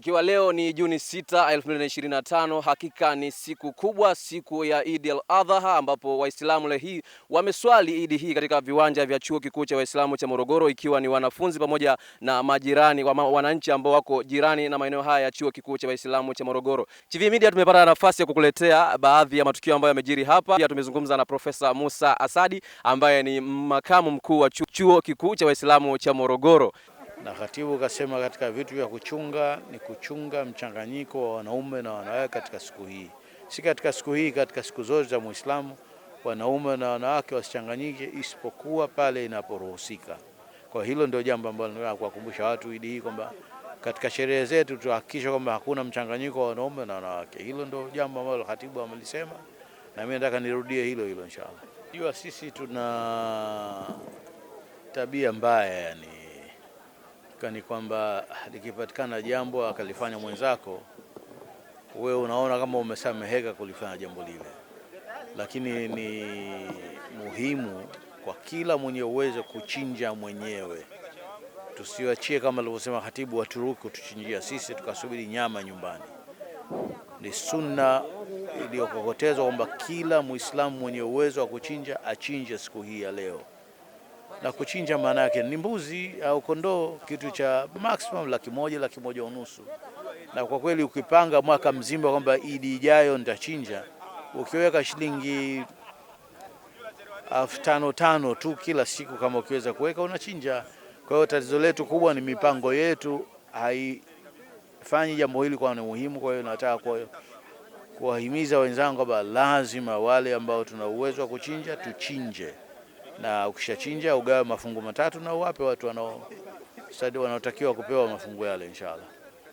Ikiwa leo ni Juni 6, 2025, hakika ni siku kubwa, siku ya Idi al-Adha, ambapo Waislamu leo hii wameswali Idi hii katika viwanja vya chuo kikuu cha Waislamu cha Morogoro, ikiwa ni wanafunzi pamoja na majirani wananchi ambao wako jirani na maeneo haya ya chuo kikuu cha Waislamu cha Morogoro. Chivihi Media tumepata nafasi ya kukuletea baadhi ya matukio ambayo yamejiri hapa. Pia tumezungumza na Profesa Musa Asadi ambaye ni makamu mkuu wa chuo kikuu cha Waislamu cha Morogoro na katibu kasema katika vitu vya kuchunga ni kuchunga mchanganyiko wa wanaume na wanawake katika siku hii, si katika siku hii, katika siku zote za Muislamu wanaume na wanawake wasichanganyike, isipokuwa pale inaporuhusika. Kwa hilo ndio jambo ambalo nataka kuwakumbusha watu Idi hii kwamba katika sherehe zetu tuhakikisha kwamba hakuna mchanganyiko wa wanaume na wanawake. Hilo ndio jambo ambalo katibu amelisema, na mimi nataka nirudie hilo hilo inshallah. Jua sisi tuna tabia mbaya yani ni kwamba likipatikana jambo akalifanya mwenzako, wewe unaona kama umesameheka kulifanya jambo lile, lakini ni muhimu kwa kila mwenye uwezo kuchinja mwenyewe. Tusiwachie kama alivyosema khatibu wa kutuchinjia sisi tukasubiri nyama nyumbani. Ni sunna iliyokokotezwa kwamba kila Muislamu mwenye uwezo wa kuchinja achinje siku hii ya leo na kuchinja maana yake ni mbuzi au kondoo, kitu cha maximum laki moja laki moja unusu. Na kwa kweli ukipanga mwaka mzima kwamba idi ijayo nitachinja, ukiweka shilingi elfu tano tano tu kila siku, kama ukiweza kuweka unachinja. Kwa hiyo tatizo letu kubwa ni mipango yetu haifanyi jambo hili kwa ni muhimu. Kwa hiyo nataka kuwahimiza wenzangu kwamba lazima wale ambao tuna uwezo wa kuchinja tuchinje na ukishachinja ugawe mafungu matatu na uwape watu wanaotakiwa kupewa mafungu yale inshallah.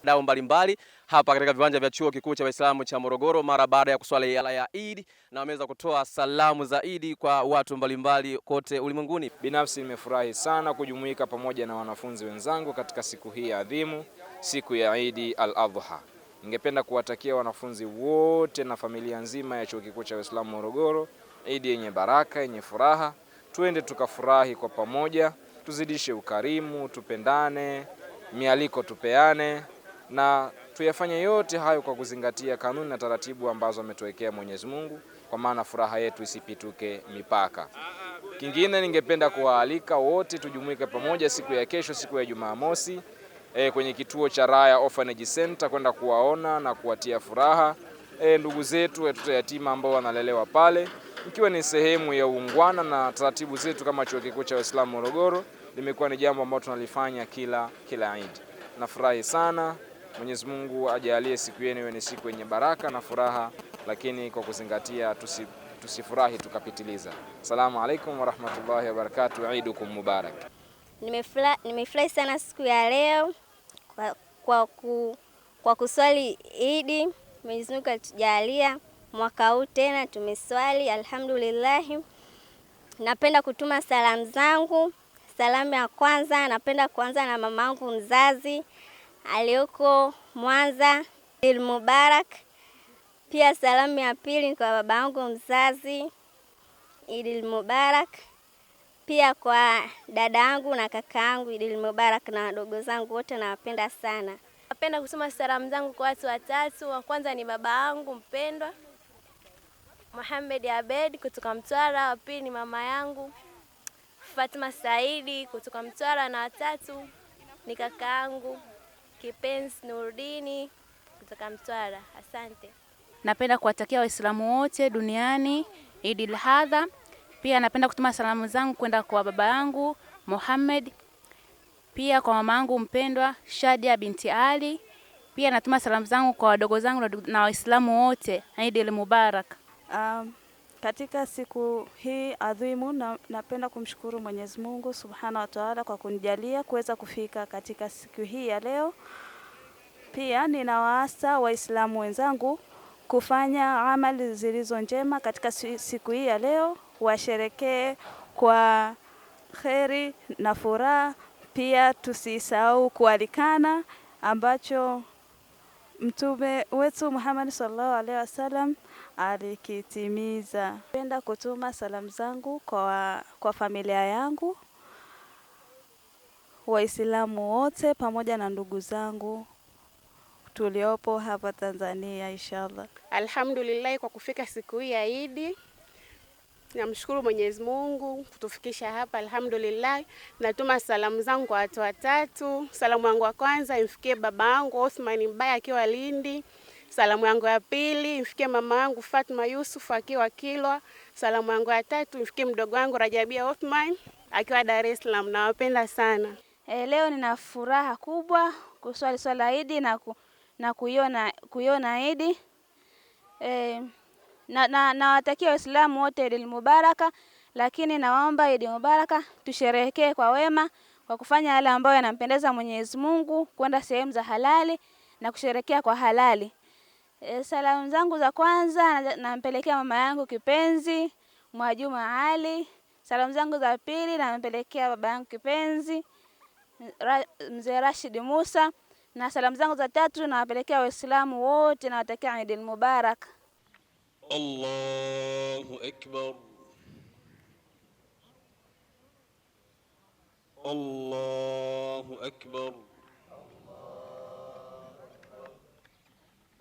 Dau mbalimbali hapa katika viwanja vya chuo kikuu cha Waislamu cha Morogoro mara baada ya kuswali ala ya Eid, na wameweza kutoa salamu za Eid kwa watu mbalimbali kote ulimwenguni. Binafsi nimefurahi sana kujumuika pamoja na wanafunzi wenzangu katika siku hii adhimu, siku ya Eid al-Adha. Ningependa kuwatakia wanafunzi wote na familia nzima ya chuo kikuu cha Waislamu Morogoro Eid yenye baraka, yenye furaha. Tuende tukafurahi kwa pamoja, tuzidishe ukarimu, tupendane, mialiko tupeane, na tuyafanye yote hayo kwa kuzingatia kanuni na taratibu ambazo ametuwekea Mwenyezi Mungu, kwa maana furaha yetu isipituke mipaka. Kingine, ningependa kuwaalika wote tujumuike pamoja siku ya kesho, siku ya Jumamosi e, kwenye kituo cha Raya Orphanage Center kwenda kuwaona na kuwatia furaha e, ndugu zetu watoto yatima ambao wanalelewa pale ikiwa ni sehemu ya uungwana na taratibu zetu kama Chuo Kikuu cha Waislamu Morogoro. Limekuwa ni jambo ambalo tunalifanya kila kila Idi. Nafurahi sana. Mwenyezi Mungu ajalie siku yenu iwe ni siku yenye baraka na furaha, lakini kwa kuzingatia tusi, tusifurahi tukapitiliza. Assalamu alaikum warahmatullahi wabarakatuh. Idukum mubarak. Nimefurahi sana siku ya leo kwa, kwa, ku, kwa kuswali Idi. Mwenyezi Mungu atujalia mwaka huu tena tumeswali, alhamdulillah. Napenda kutuma salamu zangu. Salamu ya kwanza napenda kuanza na mamangu mzazi aliyoko Mwanza Il Mubarak. Pia salamu ya pili kwa babangu mzazi Idil Mubarak, pia kwa dada yangu na kaka yangu Idil Mubarak na wadogo zangu wote nawapenda sana. Napenda kusoma salamu zangu kwa watu watatu. Wa kwanza ni baba yangu mpendwa Mohamed Abed kutoka Mtwara, wa pili ni mama yangu Fatma Saidi kutoka Mtwara, na watatu ni kaka yangu Kipenzi Nurdini kutoka Mtwara. Asante. Napenda kuwatakia Waislamu wote duniani Idil Hadha. Pia napenda kutuma salamu zangu kwenda kwa baba yangu Mohamed, pia kwa mama yangu mpendwa Shadia binti Ali. Pia natuma salamu zangu kwa wadogo zangu na Waislamu wote. al Mubarak. Um, katika siku hii adhimu na, napenda kumshukuru Mwenyezi Mungu Subhana wa Taala kwa kunijalia kuweza kufika katika siku hii ya leo. Pia ninawaasa Waislamu wenzangu kufanya amali zilizo njema katika siku hii ya leo, washerekee kwa kheri na furaha. Pia tusisahau kualikana ambacho Mtume wetu Muhammad sallallahu alaihi wasallam alikitimiza. Napenda kutuma salamu zangu kwa, kwa familia yangu, Waislamu wote pamoja na ndugu zangu tuliopo hapa Tanzania inshallah. Alhamdulillah kwa kufika siku hii ya Idi. Namshukuru Mwenyezi Mungu kutufikisha hapa alhamdulillah. Natuma salamu zangu kwa watu watatu. Salamu yangu ya kwanza imfikie baba yangu Osman Mbaya akiwa Lindi. Salamu yangu ya pili mfikie mama yangu Fatma Yusuf akiwa Kilwa. Salamu yangu ya tatu mfikie mdogo wangu Rajabia Othman akiwa Dar es Salaam. Nawapenda sana. E, leo nina furaha kubwa kuswali swala Idi na, ku, na kuiona kuiona Idi e, na na nawatakia Waislamu wote Idi Mubaraka, lakini naomba Idi Mubaraka tusherehekee kwa wema, kwa kufanya yale ambayo yanampendeza Mwenyezi Mungu, kwenda sehemu za halali na kusherekea kwa halali. Eh, salamu zangu za kwanza nampelekea mama yangu kipenzi Mwajuma Ali. Salamu zangu za pili nampelekea baba yangu kipenzi ra, mzee Rashid Musa, na salamu zangu za tatu nawapelekea Waislamu wote, nawatakia Eid Mubarak. Allahu akbar, Allahu akbar.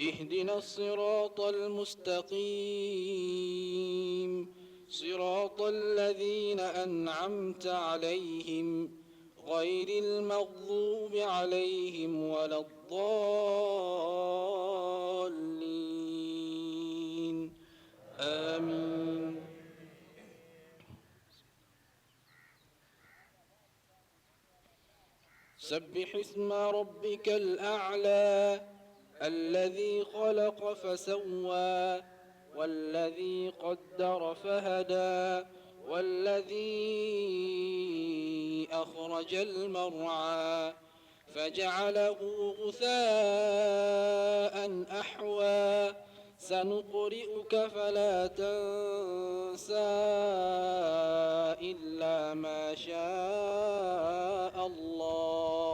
اهدنا الصراط المستقيم صراط الذين أنعمت عليهم غير المغضوب عليهم ولا الضالين آمين سبح اسم ربك الأعلى الذي خلق فسوى والذي قدر فهدى والذي أخرج المرعى فجعله غثاء أحوى سنقرئك فلا تنسى إلا ما شاء الله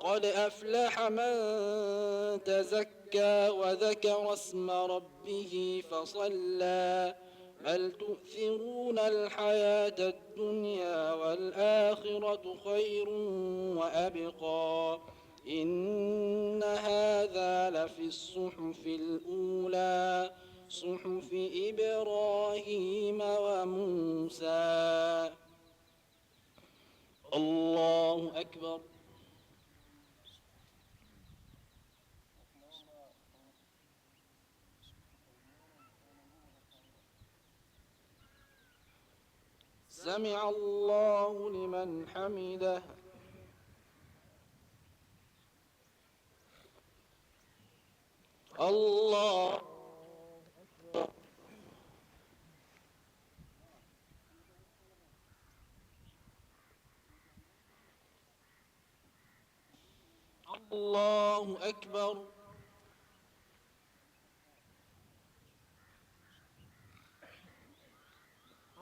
قد أفلح من تزكى وذكر اسم ربه فصلى بل تؤثرون الحياة الدنيا والآخرة خير وأبقى إن هذا لفي الصحف الأولى صحف إبراهيم وموسى الله أكبر سمع الله لمن حمده الله الله أكبر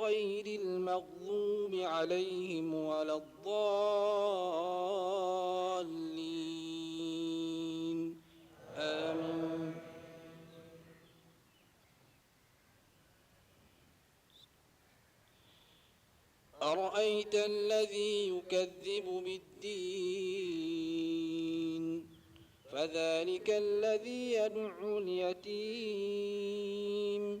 غير المغضوب عليهم ولا الضالين آمين أرأيت الذي يكذب بالدين فذلك الذي يدعو اليتيم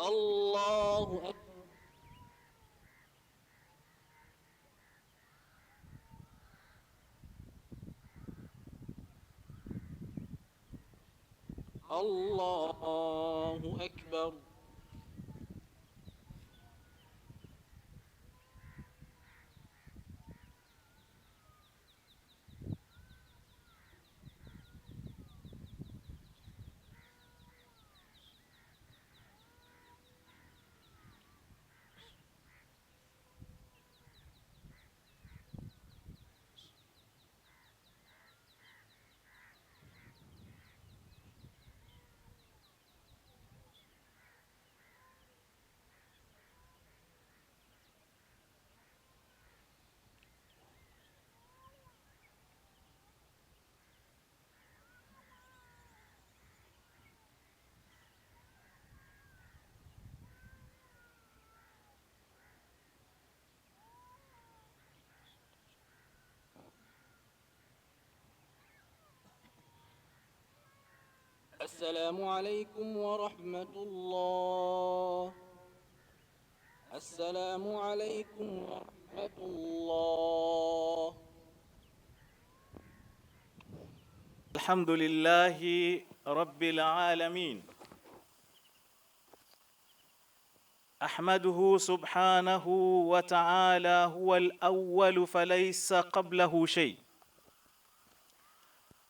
الله أكبر الله أكبر السلام عليكم ورحمة الله السلام عليكم ورحمة الله الحمد لله رب العالمين احمده سبحانه وتعالى هو الاول فليس قبله شيء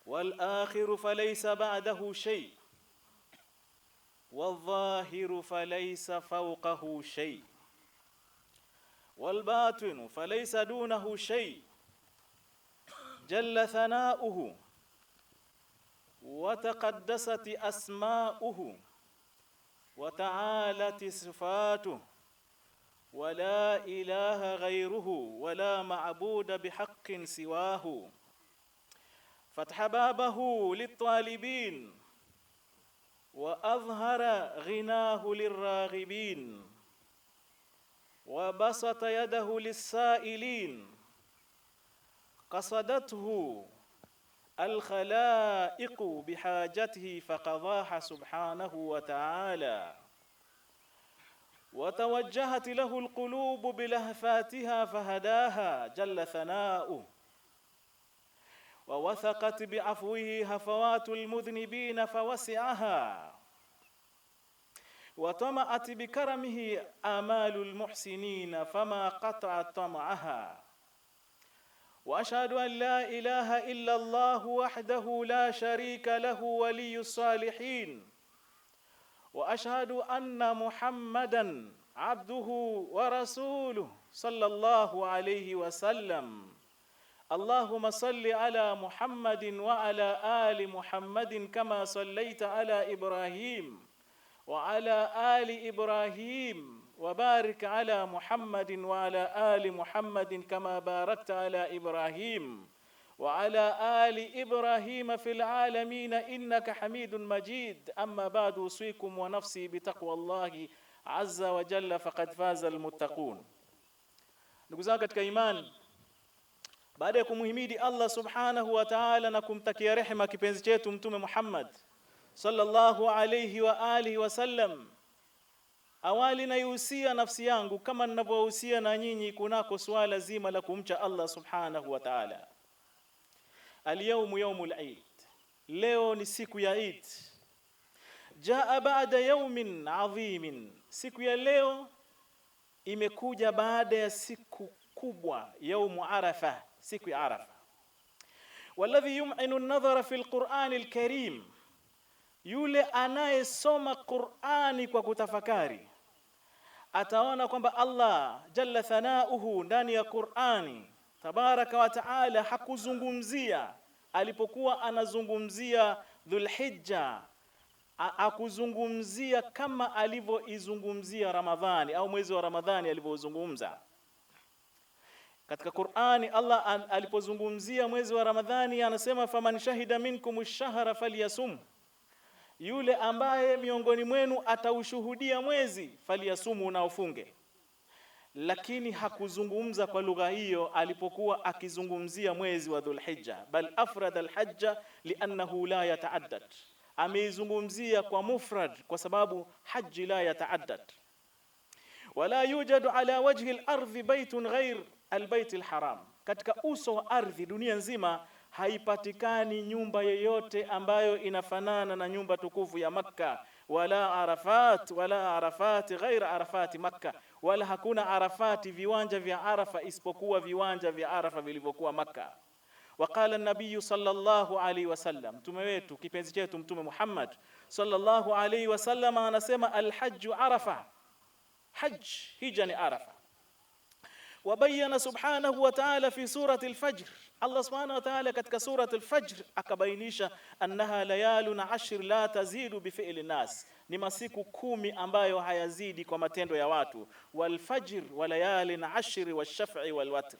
والآخر فليس بعده شيء والظاهر فليس فوقه شيء والباطن فليس دونه شيء جل ثناؤه وتقدست أسماؤه وتعالت صفاته ولا إله غيره ولا معبود بحق سواه فتح بابه للطالبين وأظهر غناه للراغبين وبسط يده للسائلين قصدته الخلائق بحاجته فقضاها سبحانه وتعالى وتوجهت له القلوب بلهفاتها فهداها جل ثناؤه ووثقت بعفوه هفوات المذنبين فوسعها وطمأت بكرمه آمال المحسنين فما قطع طمعها واشهد ان لا اله الا الله وحده لا شريك له ولي الصالحين واشهد ان محمدا عبده ورسوله صلى الله عليه وسلم اللهم صل على محمد وعلى آل محمد كما صليت على إبراهيم وعلى آل إبراهيم وبارك على محمد وعلى آل محمد كما باركت على إبراهيم وعلى آل إبراهيم في العالمين إنك حميد مجيد أما بعد أوصيكم ونفسي بتقوى الله عز وجل فقد فاز المتقون نقول katika كايمان Baada ya kumhimidi Allah subhanahu wa ta'ala na kumtakia rehema kipenzi chetu Mtume Muhammad sallallahu alayhi wa alihi sallam, awali naihusia nafsi yangu kama ninavyohusia na nyinyi kunako swala zima la kumcha Allah subhanahu wa ta'ala. Alyawmu yawmul Eid, leo ni siku ya Eid. Jaa baada yawmin adhimin, siku ya leo imekuja baada ya siku kubwa, yaumu Arafa siku ya Arafa. Walladhi yum'inu an-nadhara fi al-Qur'ani al-Karim, yule anayesoma Qur'ani kwa kutafakari ataona kwamba Allah jalla thanauhu ndani ya Qur'ani tabaraka wa taala hakuzungumzia alipokuwa anazungumzia Dhulhijja akuzungumzia kama alivyoizungumzia Ramadhani au mwezi wa Ramadhani alivyozungumza. Katika Qur'ani Allah alipozungumzia mwezi wa Ramadhani anasema faman shahida minkum shahra falyasum, yule ambaye miongoni mwenu ataushuhudia mwezi falyasum na ufunge. Lakini hakuzungumza kwa lugha hiyo alipokuwa akizungumzia mwezi wa Dhulhijja, bal afrada al-hajja liannahu la yataaddad, ameizungumzia kwa mufrad kwa sababu haji la yataaddad. Wala yujadu ala wajhi alardhi baytun ghayr albaiti alharam, katika uso wa ardhi dunia nzima haipatikani nyumba yoyote ambayo inafanana na nyumba tukufu ya Makka, wala Arafat, wala Arafati ghaira Arafati Makka, wala hakuna Arafati viwanja vya Arafa isipokuwa viwanja vya Arafa vilivyokuwa Makka. Waqala nabiyu sallallahu alaihi wasallam, mtume wetu kipenzi chetu Mtume Muhammad sallallahu alaihi wasallam anasema, alhaju arafa, haj hija ni Arafa. وبين سبحانه وتعالى في سورة الفجر الله سبحانه وتعالى كتك سورة الفجر أكبينيش أنها ليال عشر لا تزيد بفعل الناس نمسيكو كومي أمبايو حيزيد كما تندو يواتو والفجر وليال عشر والشفع والوتر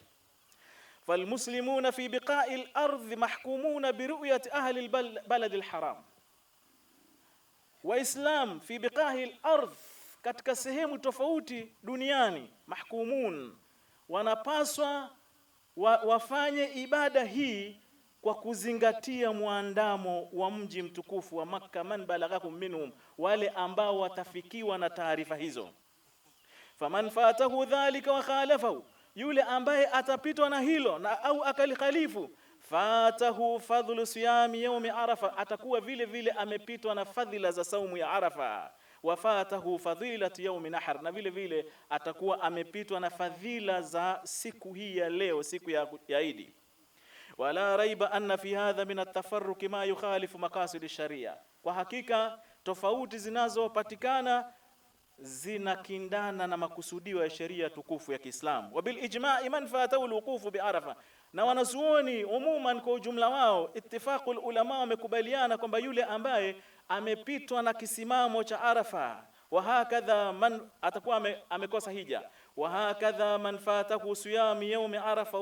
فالمسلمون في بقاء الأرض محكومون برؤية أهل البلد الحرام وإسلام في بقاء الأرض كتك تفوتي دنياني محكومون wanapaswa wa, wafanye ibada hii kwa kuzingatia mwandamo wa mji mtukufu wa Makka, man balaghakum minhum, wale ambao watafikiwa na taarifa hizo. Faman fatahu dhalika wa khalafahu, yule ambaye atapitwa na hilo na au akalikhalifu fatahu fadhlu siyami yaumi Arafa, atakuwa vile vile amepitwa na fadhila za saumu ya Arafa wafatahu fadhilat yaumi nahar, na vile vile atakuwa amepitwa na fadhila za siku hii ya leo, siku ya, yaidi Idi. Wala raiba anna fi hadha min atafarruki ma yukhalifu maqasid sharia, kwa hakika tofauti zinazopatikana zinakindana na makusudio ya sheria tukufu ya Kiislamu. bil ijma'i man fatahu alwuqufu bi Arafa, na wanazuoni umuman kwa ujumla wao, ittifaqul ulama wamekubaliana kwamba yule ambaye amepitwa na kisimamo cha Arafa wa hakadha man atakuwa ame, amekosa hija wa hakadha man fatahu siyam yawm Arafa,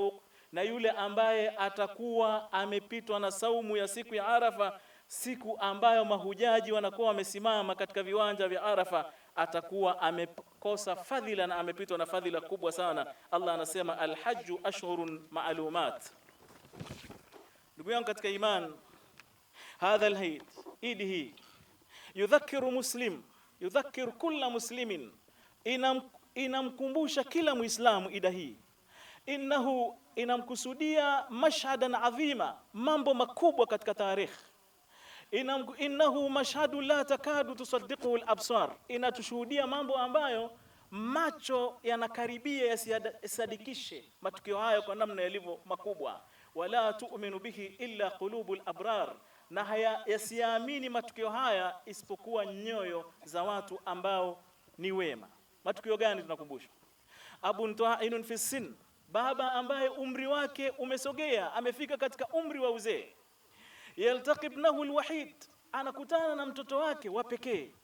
na yule ambaye atakuwa amepitwa na saumu ya siku ya Arafa, siku ambayo mahujaji wanakuwa wamesimama katika viwanja vya Arafa atakuwa amekosa fadhila na amepitwa na fadhila kubwa sana. Allah anasema alhaju ashhurun maalumat. Ndugu yangu katika iman, hadha alhayd, idi hii muslim yudhakiru kulla muslimin, inamkumbusha kila muislamu ida hii innahu, inamkusudia mashhadan adhima, mambo makubwa katika tarikhi innahu mashhadu la takadu tusaddiqu al-absar, inatushuhudia mambo ambayo macho yanakaribia yasadikishe matukio hayo kwa namna yalivyo makubwa. Wala tu'minu bihi illa qulubul abrar, na haya yasiamini matukio haya isipokuwa nyoyo za watu ambao ni wema. Matukio gani tunakumbushwa? abu ntainun fi sin, baba ambaye umri wake umesogea, amefika katika umri wa uzee yaltaqi ibnahu alwahid, anakutana na mtoto wake wa pekee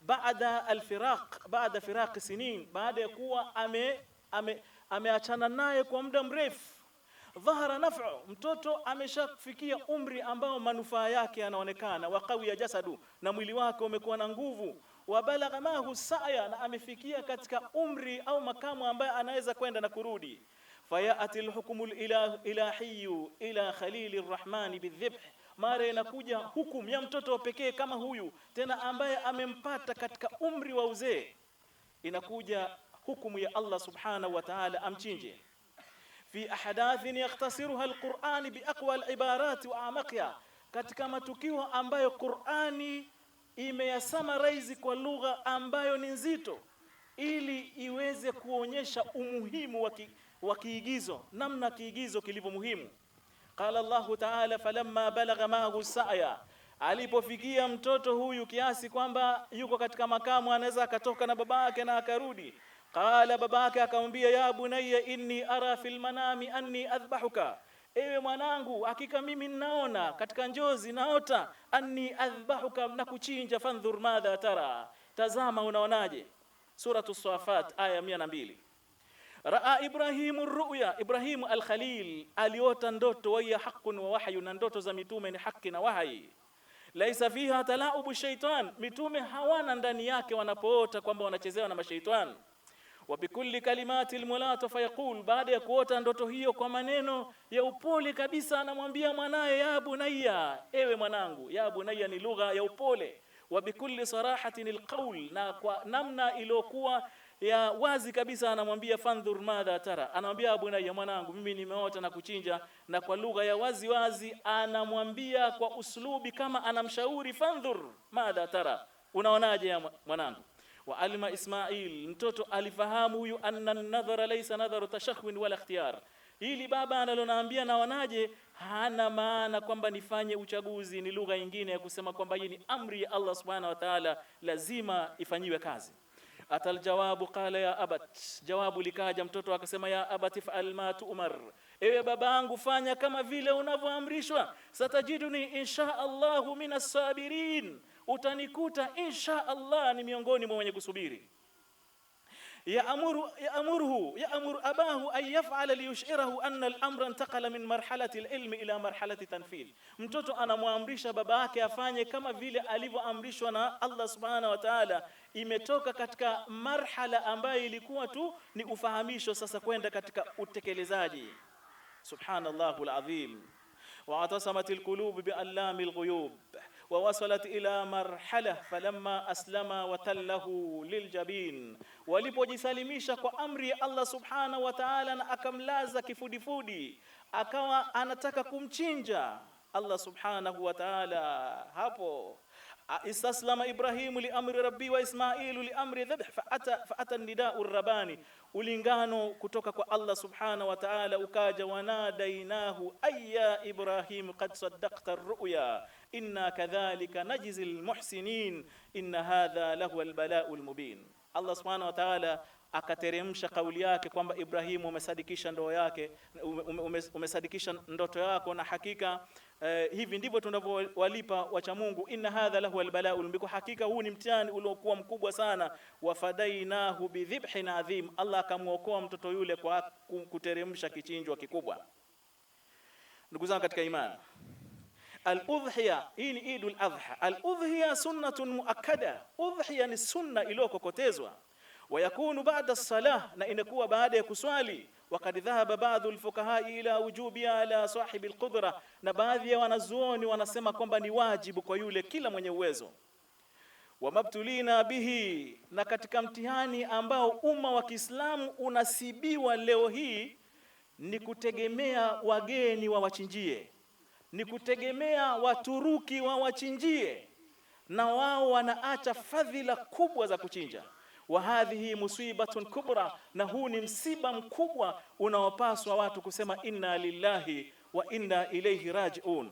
baada alfiraq, baada firaqi sinin, baada ya kuwa ame ameachana ame naye kwa muda mrefu. Dhahara naf'u, mtoto ameshafikia umri ambao manufaa yake yanaonekana. Wa qawiya jasadu, na mwili wake umekuwa na nguvu. Wa balagha mahu sa'ya, na amefikia katika umri au makamu ambayo anaweza kwenda na kurudi. Fayati lhukmu lilahiyu ila khalili rrahmani bidhibh mara inakuja hukumu ya mtoto wa pekee kama huyu, tena ambaye amempata katika umri wa uzee, inakuja hukumu ya Allah subhanahu wa ta'ala amchinje fi ahdathin yaktasiruha alqur'ani biaqwa alibarati wa amaqiha, katika matukio ambayo Qur'ani imeyasamarize kwa lugha ambayo ni nzito, ili iweze kuonyesha umuhimu wa kiigizo, namna kiigizo kilivyo muhimu. Qala Allahu taala falamma balagha maahu saya, alipofikia mtoto huyu kiasi kwamba yuko katika makamu anaweza akatoka na babake na akarudi. Qala, babake akamwambia, ya bunayya inni ara fil manami anni adhbahuka, ewe mwanangu, hakika mimi ninaona katika njozi naota anni adhbahuka, na kuchinja. Fandhur madha tara, tazama unaonaje. Suratu Swafat aya 102. Raa Ibrahimu ruya, Ibrahimu alkhalil aliota ndoto, waiya haqun wa wahyu, na ndoto za mitume ni haki na wahyi. Laisa fiha talaubu shaitan, mitume hawana ndani yake wanapoota kwamba wanachezewa na mashaitan Wa bikulli kalimati almulato fayaqul, baada ya kuota ndoto hiyo kwa maneno ya upole kabisa anamwambia mwanaye, ya bunayya, ewe mwanangu. Ya bunayya ni lugha ya upole. Wa bikulli sarahatin alqaul, na kwa namna iliyokuwa ya wazi kabisa anamwambia fandhur madha tara, anamwambia bwana ya mwanangu, mimi nimeota na kuchinja, na kwa lugha ya wazi wazi anamwambia kwa uslubi kama anamshauri, fandhur madha tara, unaonaje ya mwanangu. Wa alima Ismail, mtoto alifahamu huyu, anna nadhara laysa nadharu tashakhwin wala ikhtiyar ili baba analonaambia naonaje, hana maana kwamba nifanye uchaguzi. Ni lugha nyingine ya kusema kwamba hii ni amri ya Allah subhanahu wa taala, lazima ifanyiwe kazi. Atal jawabu qala ya abat, jawabu likaja, mtoto akasema ya abati faal ma tu'mar, ewe babangu fanya kama vile unavyoamrishwa. Satajiduni insha Allahu minas sabirin, utanikuta insha Allah ni miongoni mwa wenye kusubiri. يأمر abahu an أباه أن يفعل ليشعره أن الأمر انتقل من مرحلة العلم إلى مرحلة تنفيذ mtoto anamwamrisha baba yake afanye kama vile alivyoamrishwa na Allah subhana wa ta'ala imetoka katika marhala ambayo ilikuwa tu ni ufahamisho sasa kwenda katika utekelezaji subhanallahul azim wa atsamat alqulub bi allami alghuyub wawasalat ila marhala falamma aslama watallahu liljabin, walipojisalimisha kwa amri ya Allah subhanahu wa ta'ala, na akamlaza kifudifudi, akawa anataka kumchinja Allah subhanahu wa ta'ala. Hapo istaslama Ibrahimu liamri rabbi wa Ismailu liamri dhabh faata faata nidau rabani, ulingano kutoka kwa Allah subhanahu wa ta'ala ukaja, wanadainahu ayya Ibrahim qad saddaqta ruya inna kadhalika najzi lmuhsinin inna hadha lahuwa albalau lmubin. Allah subhanahu wa ta'ala akateremsha kauli yake kwamba Ibrahimu, umesadikisha ndoa yake, umesadikisha ndoto yako, na hakika Uh, hivi ndivyo tunavyowalipa wacha Mungu. inna hadha lahu albala'ul mubin, hakika huu ni mtihani uliokuwa mkubwa sana. wafadainahu bidhibhin adhim, Allah akamwokoa mtoto yule kwa kuteremsha kichinjwa kikubwa. Ndugu zangu katika imani al udhiya hii ni Eidul Adha. al udhiya sunnatun muakkada, udhhiya ni sunna iliyokokotezwa. Wa yakunu ba'da salah, na inakuwa baada ya kuswali. Wakad dhahaba baadhu al-fuqaha ila wujubi ala sahibi al-qudra, na baadhi ya wanazuoni wanasema kwamba ni wajibu kwa yule kila mwenye uwezo. Wa mabtulina bihi, na katika mtihani ambao umma wa Kiislamu unasibiwa leo hii ni kutegemea wageni wa wachinjie ni kutegemea Waturuki wawachinjie, na wao wanaacha fadhila kubwa za kuchinja. Wa hadhihi musibatun kubra, na huu ni msiba mkubwa unaopaswa watu kusema inna lillahi wa inna ilayhi rajiun.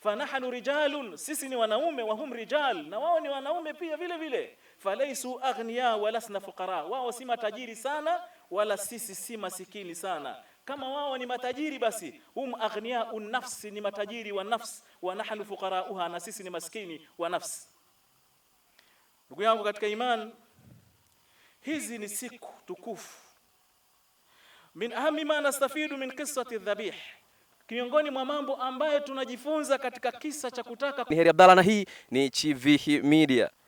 Fanahnu rijalun, sisi ni wanaume, wahum rijal, na wao ni wanaume pia vile vile. Falaisu aghniya walasna fuqara, wao si matajiri sana wala sisi si masikini sana kama wao ni matajiri, basi hum aghniau nafsi, ni matajiri wa nafsi, wa nahnu fuqarauha, na sisi ni maskini wa nafsi. Ndugu yangu katika iman, hizi ni siku tukufu. Min ahami ma nastafidu min qissati dhabih Miongoni mwa mambo ambayo tunajifunza katika kisa cha kutaka ni heri Abdalla, na hii ni Chivihi Media.